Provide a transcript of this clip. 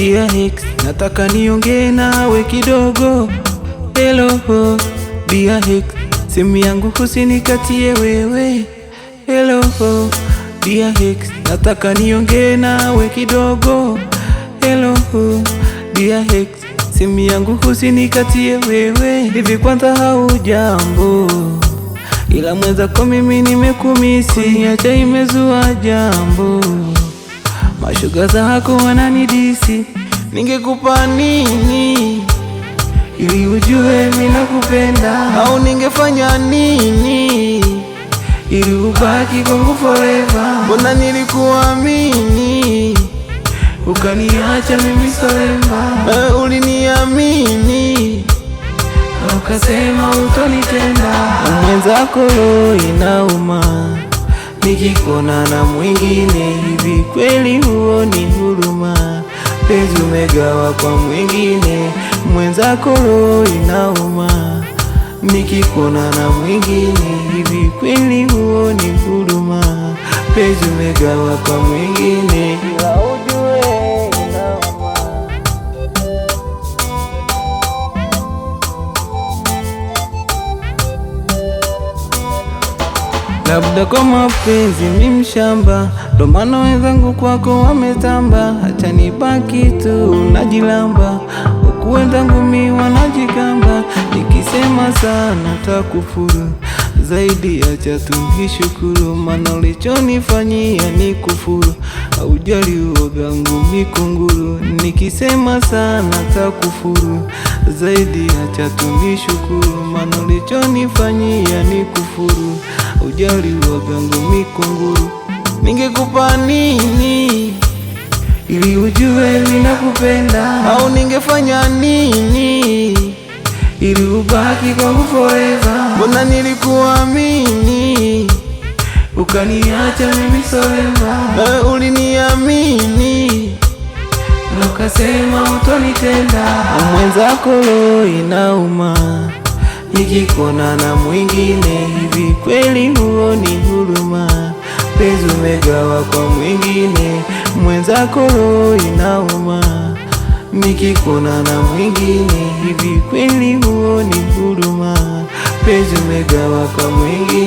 X, nataka niongee nawe kidogo. Hello X, simu yangu usinikatie wewe. Hello X, nataka niongee nawe kidogo. Hello X, simu yangu usinikatie wewe. Hivi kwanza haujambo? Ila mweza kwa mimi nimekumisi, acha imezua jambo Mashuga zako wananidisi, ningekupa nini ili ujue mimi nakupenda? Au ningefanya nini ili ubaki kwangu forever? Mbona nilikuamini ukaniacha mimi solemba? Eh, uliniamini ukasema utonitenda. Mwenzako inauma nikikona na mwingine hivi, kweli huo ni huruma? Penzi umegawa kwa mwingine, mwenzako roho inauma. Nikikona na mwingine hivi, kweli huo ni huruma? Penzi umegawa kwa mwingine labda kwa mapenzi mi mshamba, ndo maana wenzangu kwako wametamba. Acha nibaki tu najilamba, huku wenzangu mi wanajikamba. Nikisema sana takufuru zaidi, acha tu maana ulichonifanyia ni kufuru. Haujali uogangu mikunguru, nikisema sana takufuru zaidi, acha tu nishukuru, maana ulichonifanyia ni kufuru ujali wagangu mikunguru, ningekupa nini ili ujue ninakupenda? Au ningefanya nini ili ubaki kwa forever? Mbona nilikuamini ukaniacha mimi solemba, nawe uliniamini ukasema utonitenda. Mwenzako lo inauma nikikona na mwingine hivi, kweli ni huruma? Penzi umegawa kwa mwingine, mwenzako roho inauma. Nikikona na mwingine hivi, kweli huo ni huruma? Penzi umegawa kwa mwingine